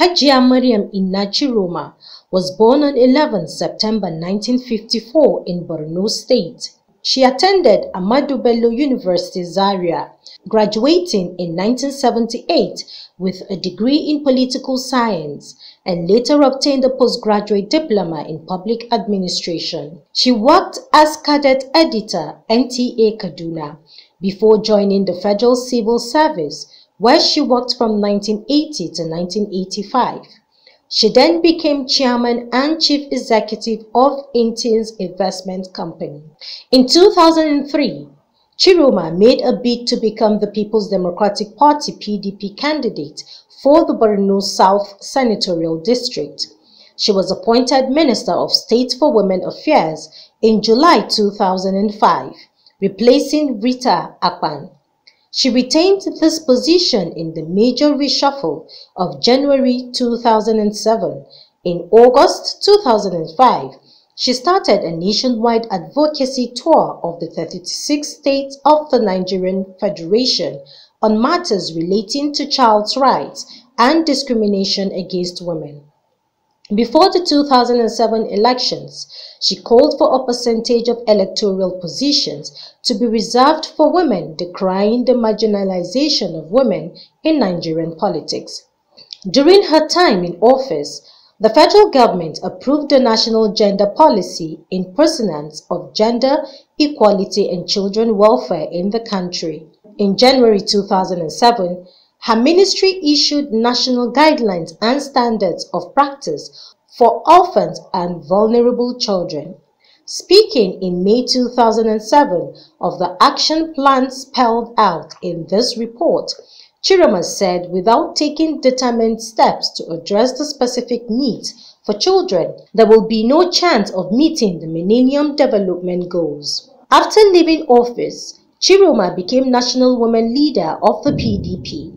Hajia Mariam Inachi Roma was born on 11 September 1954 in Borno State. She attended Ahmadu Bello University Zaria, graduating in 1978 with a degree in political science and later obtained a postgraduate diploma in public administration. She worked as cadet editor NTA Kaduna before joining the Federal Civil Service where she worked from 1980 to 1985. She then became chairman and chief executive of Intins Investment Company. In 2003, Chiroma made a bid to become the People's Democratic Party PDP candidate for the Borno South Senatorial District. She was appointed Minister of State for Women Affairs in July 2005, replacing Rita Akpan. She retained this position in the major reshuffle of January 2007. In August 2005, she started a nationwide advocacy tour of the 36 states of the Nigerian Federation on matters relating to child's rights and discrimination against women. Before the 2007 elections, she called for a percentage of electoral positions to be reserved for women, decrying the marginalization of women in Nigerian politics. During her time in office, the federal government approved the National Gender Policy in pursuance of gender equality and children welfare in the country. In January 2007, her ministry issued national guidelines and standards of practice for orphans and vulnerable children. Speaking in May 2007 of the action plan spelled out in this report, Chirama said without taking determined steps to address the specific needs for children, there will be no chance of meeting the Millennium Development Goals. After leaving office, Chiroma became National Women Leader of the PDP.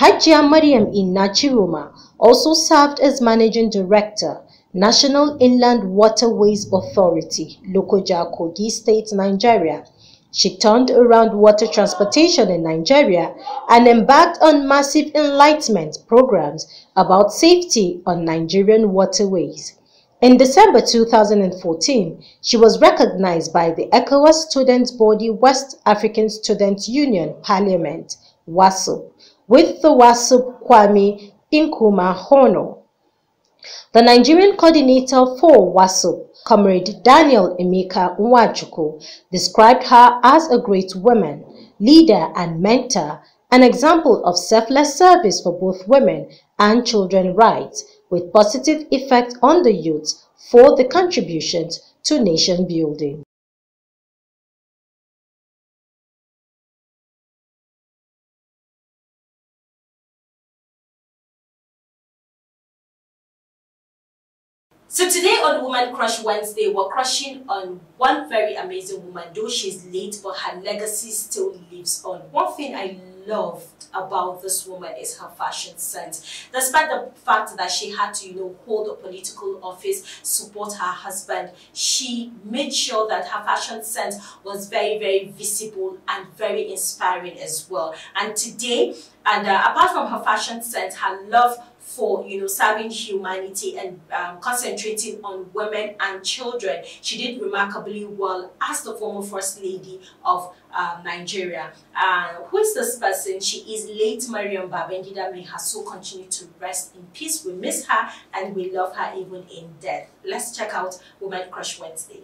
Hajia Mariam Inachiroma also served as Managing Director, National Inland Waterways Authority, Lokoja, Kogi State, Nigeria. She turned around water transportation in Nigeria and embarked on massive enlightenment programs about safety on Nigerian waterways. In December 2014, she was recognized by the ECOWAS Students Body West African Students Union Parliament, WASO, with the WASUP Kwame Inkuma Hono. The Nigerian coordinator for WASUP, Comrade Daniel Emeka Nwachuku, described her as a great woman, leader and mentor, an example of selfless service for both women and children rights, with positive effect on the youth for the contributions to nation building. So today on Woman Crush Wednesday, we're crushing on one very amazing woman, though she's late, but her legacy still lives on. One thing I loved about this woman is her fashion sense. Despite the fact that she had to, you know, hold a political office, support her husband, she made sure that her fashion sense was very, very visible and very inspiring as well. And today, and uh, apart from her fashion sense, her love for you know serving humanity and um, concentrating on women and children. She did remarkably well as the former First Lady of um, Nigeria. Uh, who is this person? She is late Mariam Babendida. May her soul continue to rest in peace. We miss her and we love her even in death. Let's check out Woman Crush Wednesday.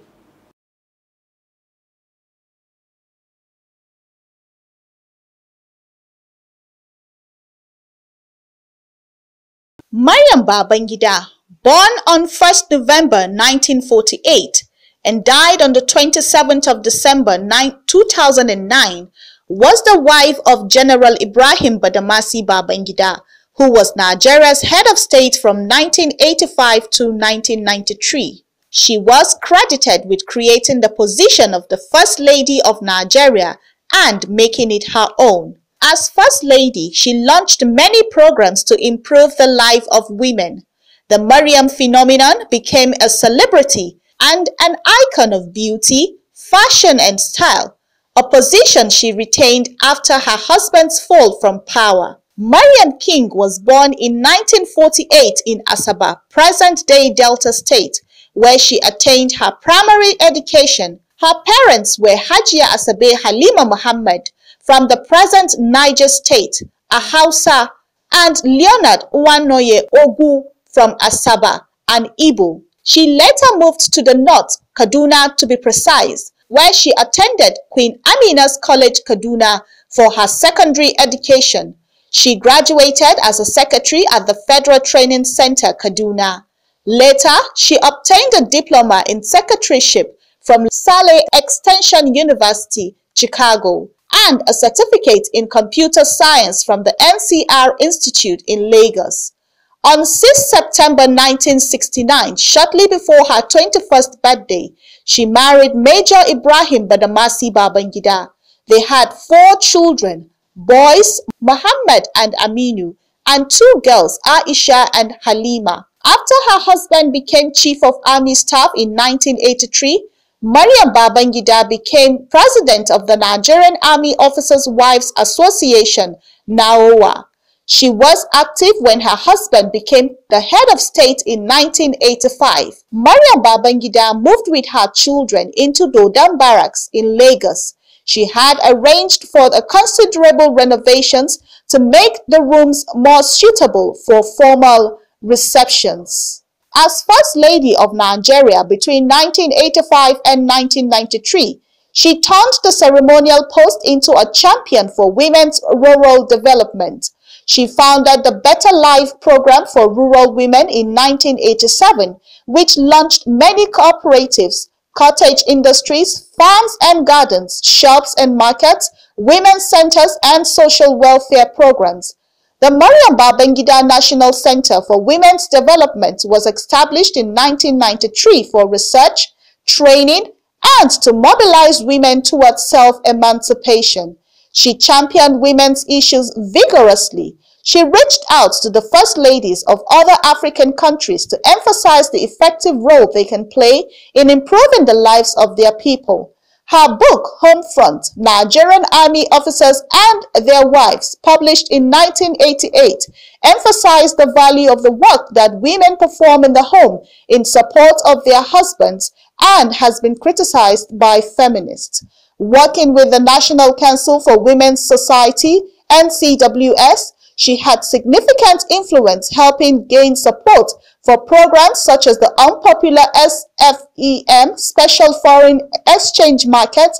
Maryam Babangida, born on 1st November 1948 and died on the 27th of December 9, 2009, was the wife of General Ibrahim Badamasi Babangida, who was Nigeria's head of state from 1985 to 1993. She was credited with creating the position of the First Lady of Nigeria and making it her own. As First Lady, she launched many programs to improve the life of women. The Mariam phenomenon became a celebrity and an icon of beauty, fashion and style, a position she retained after her husband's fall from power. Mariam King was born in 1948 in Asaba, present-day Delta State, where she attained her primary education. Her parents were Hajia Asabe Halima Muhammad from the present Niger State, Ahausa, and Leonard Uwanoye Ogu from Asaba, and Ibu. She later moved to the north, Kaduna to be precise, where she attended Queen Amina's College Kaduna for her secondary education. She graduated as a secretary at the Federal Training Center, Kaduna. Later, she obtained a diploma in secretaryship from Saleh Extension University, Chicago and a certificate in computer science from the NCR Institute in Lagos. On 6 September 1969, shortly before her 21st birthday, she married Major Ibrahim Badamasi Babangida. They had four children, boys Muhammad and Aminu, and two girls, Aisha and Halima. After her husband became Chief of Army Staff in 1983, Mariam Babangida became president of the Nigerian Army Officers Wives Association, (NAOWA). She was active when her husband became the head of state in 1985. Mariam Babangida moved with her children into Dodan Barracks in Lagos. She had arranged for the considerable renovations to make the rooms more suitable for formal receptions. As First Lady of Nigeria between 1985 and 1993, she turned the ceremonial post into a champion for women's rural development. She founded the Better Life program for rural women in 1987, which launched many cooperatives, cottage industries, farms and gardens, shops and markets, women's centers, and social welfare programs. The Mariam Bengida National Center for Women's Development was established in 1993 for research, training, and to mobilize women towards self-emancipation. She championed women's issues vigorously. She reached out to the first ladies of other African countries to emphasize the effective role they can play in improving the lives of their people. Her book, Homefront, Nigerian Army Officers and Their Wives, published in 1988, emphasized the value of the work that women perform in the home in support of their husbands and has been criticized by feminists. Working with the National Council for Women's Society, NCWS, she had significant influence helping gain support for programs such as the unpopular SFEM Special Foreign Exchange Market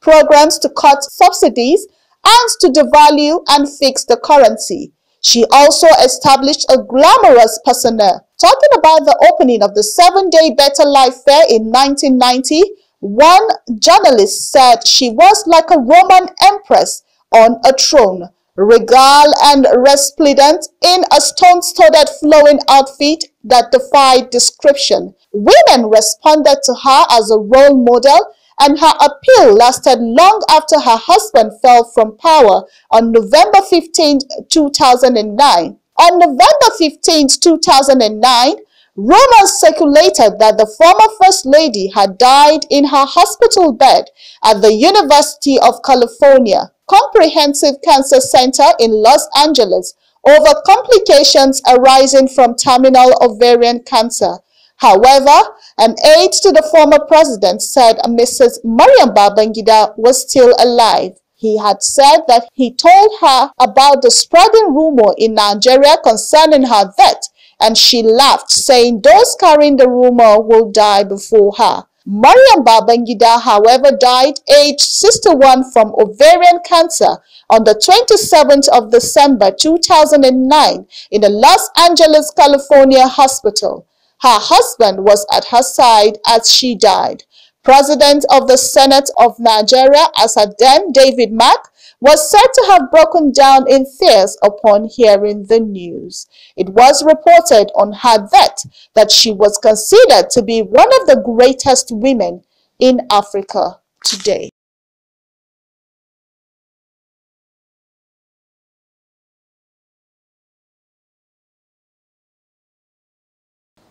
programs to cut subsidies and to devalue and fix the currency. She also established a glamorous persona. Talking about the opening of the seven-day Better Life Fair in 1990, one journalist said she was like a Roman empress on a throne, regal and resplendent in a stone-studded flowing outfit that defied description. Women responded to her as a role model and her appeal lasted long after her husband fell from power on November 15, 2009. On November 15, 2009, rumors circulated that the former First Lady had died in her hospital bed at the University of California Comprehensive Cancer Center in Los Angeles over complications arising from terminal ovarian cancer. However, an aide to the former president said Mrs. Mariam Babangida was still alive. He had said that he told her about the spreading rumor in Nigeria concerning her death and she laughed, saying those carrying the rumor will die before her. Mariam Babangida, however, died aged 61 from ovarian cancer on the 27th of December 2009 in a Los Angeles, California hospital. Her husband was at her side as she died. President of the Senate of Nigeria, as then David Mack, was said to have broken down in tears upon hearing the news. It was reported on her death that she was considered to be one of the greatest women in Africa today.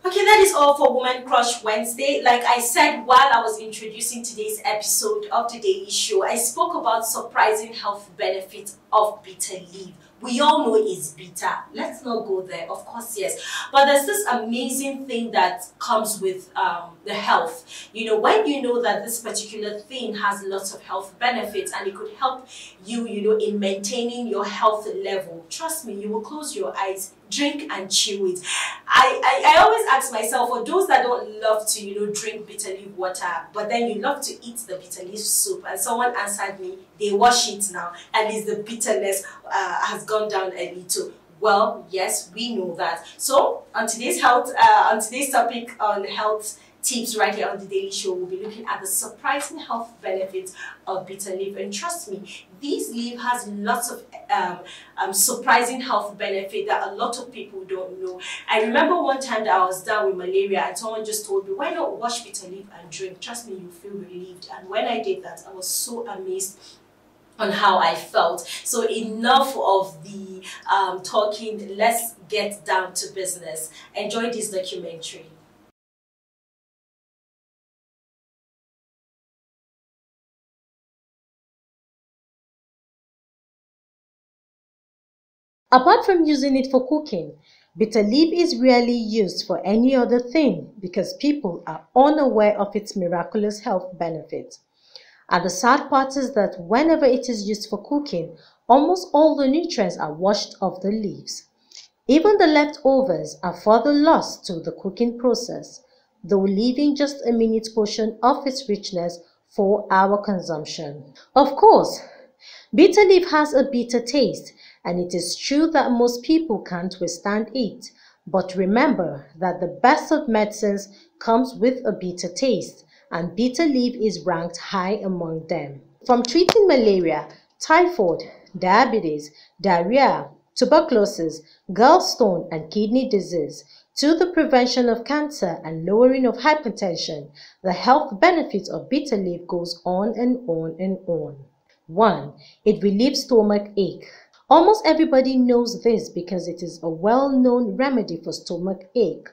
Okay, that is all for Woman Crush Wednesday. Like I said while I was introducing today's episode of the Daily Show, I spoke about surprising health benefits of bitter leaf. We all know it's bitter. Let's not go there. Of course, yes. But there's this amazing thing that comes with um, the health. You know, when you know that this particular thing has lots of health benefits and it could help you, you know, in maintaining your health level, trust me, you will close your eyes drink and chew it. I, I, I always ask myself, for those that don't love to, you know, drink bitter leaf water, but then you love to eat the bitter leaf soup, and someone answered me, they wash it now, at least the bitterness uh, has gone down a little. Well, yes, we know that. So on today's health, uh, on today's topic on health tips right here on the Daily Show, we'll be looking at the surprising health benefits of bitter leaf. And trust me, this leaf has lots of um, um, surprising health benefit that a lot of people don't know. I remember one time that I was down with malaria and someone just told me, why not wash bitter leaf and drink? Trust me, you will feel relieved. And when I did that, I was so amazed on how I felt. So enough of the um, talking. Let's get down to business. Enjoy this documentary. Apart from using it for cooking, bitter leaf is rarely used for any other thing because people are unaware of its miraculous health benefits. And the sad part is that whenever it is used for cooking, almost all the nutrients are washed off the leaves. Even the leftovers are further lost to the cooking process, though leaving just a minute portion of its richness for our consumption. Of course, bitter leaf has a bitter taste, and it is true that most people can't withstand it. But remember that the best of medicines comes with a bitter taste and bitter leaf is ranked high among them. From treating malaria, typhoid, diabetes, diarrhea, tuberculosis, gallstone, and kidney disease, to the prevention of cancer and lowering of hypertension, the health benefits of bitter leaf goes on and on and on. 1. It relieves stomach ache. Almost everybody knows this because it is a well-known remedy for stomach ache.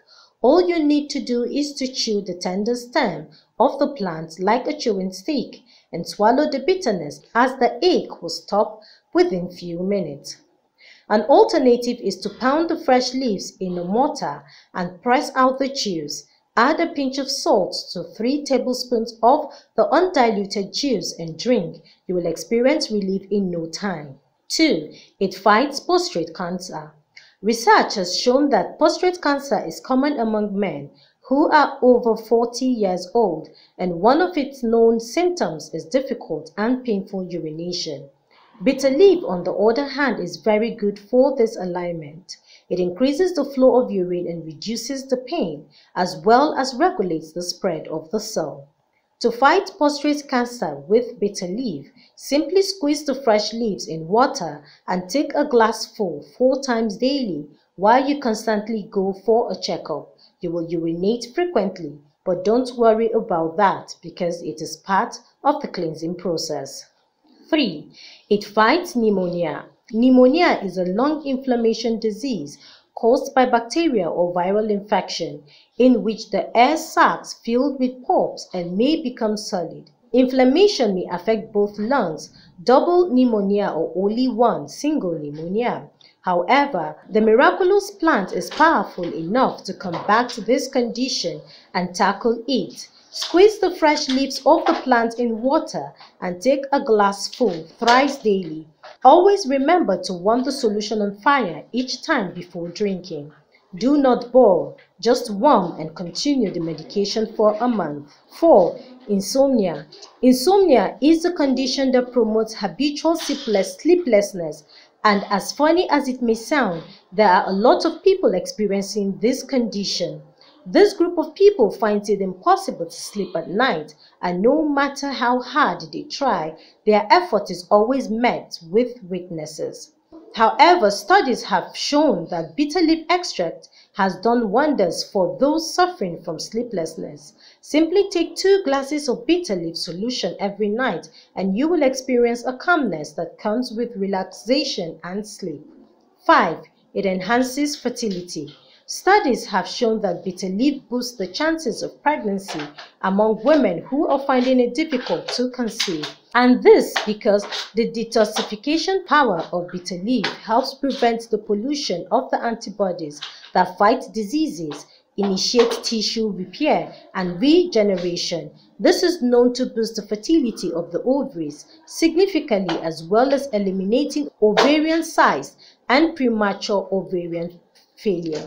All you need to do is to chew the tender stem of the plant like a chewing stick and swallow the bitterness as the ache will stop within few minutes. An alternative is to pound the fresh leaves in a mortar and press out the juice. Add a pinch of salt to 3 tablespoons of the undiluted juice and drink. You will experience relief in no time. 2. It fights prostate cancer. Research has shown that prostate cancer is common among men who are over 40 years old, and one of its known symptoms is difficult and painful urination. Bitter leaf, on the other hand, is very good for this alignment. It increases the flow of urine and reduces the pain, as well as regulates the spread of the cell. To fight prostate cancer with bitter leaf, simply squeeze the fresh leaves in water and take a glassful four times daily while you constantly go for a checkup. You will urinate frequently, but don't worry about that because it is part of the cleansing process. 3. It fights pneumonia. Pneumonia is a lung inflammation disease caused by bacteria or viral infection, in which the air sacs filled with pus and may become solid. Inflammation may affect both lungs, double pneumonia or only one single pneumonia. However, the miraculous plant is powerful enough to combat this condition and tackle it. Squeeze the fresh leaves of the plant in water and take a glassful thrice daily. Always remember to warm the solution on fire each time before drinking. Do not boil, just warm and continue the medication for a month. 4. Insomnia Insomnia is a condition that promotes habitual sleeplessness and as funny as it may sound, there are a lot of people experiencing this condition. This group of people finds it impossible to sleep at night, and no matter how hard they try, their effort is always met with weaknesses. However, studies have shown that bitter leaf extract has done wonders for those suffering from sleeplessness. Simply take two glasses of bitter leaf solution every night and you will experience a calmness that comes with relaxation and sleep. 5. It enhances fertility. Studies have shown that bitter leaf boosts the chances of pregnancy among women who are finding it difficult to conceive. And this because the detoxification power of bitter leaf helps prevent the pollution of the antibodies that fight diseases, initiate tissue repair and regeneration. This is known to boost the fertility of the ovaries significantly as well as eliminating ovarian size and premature ovarian failure.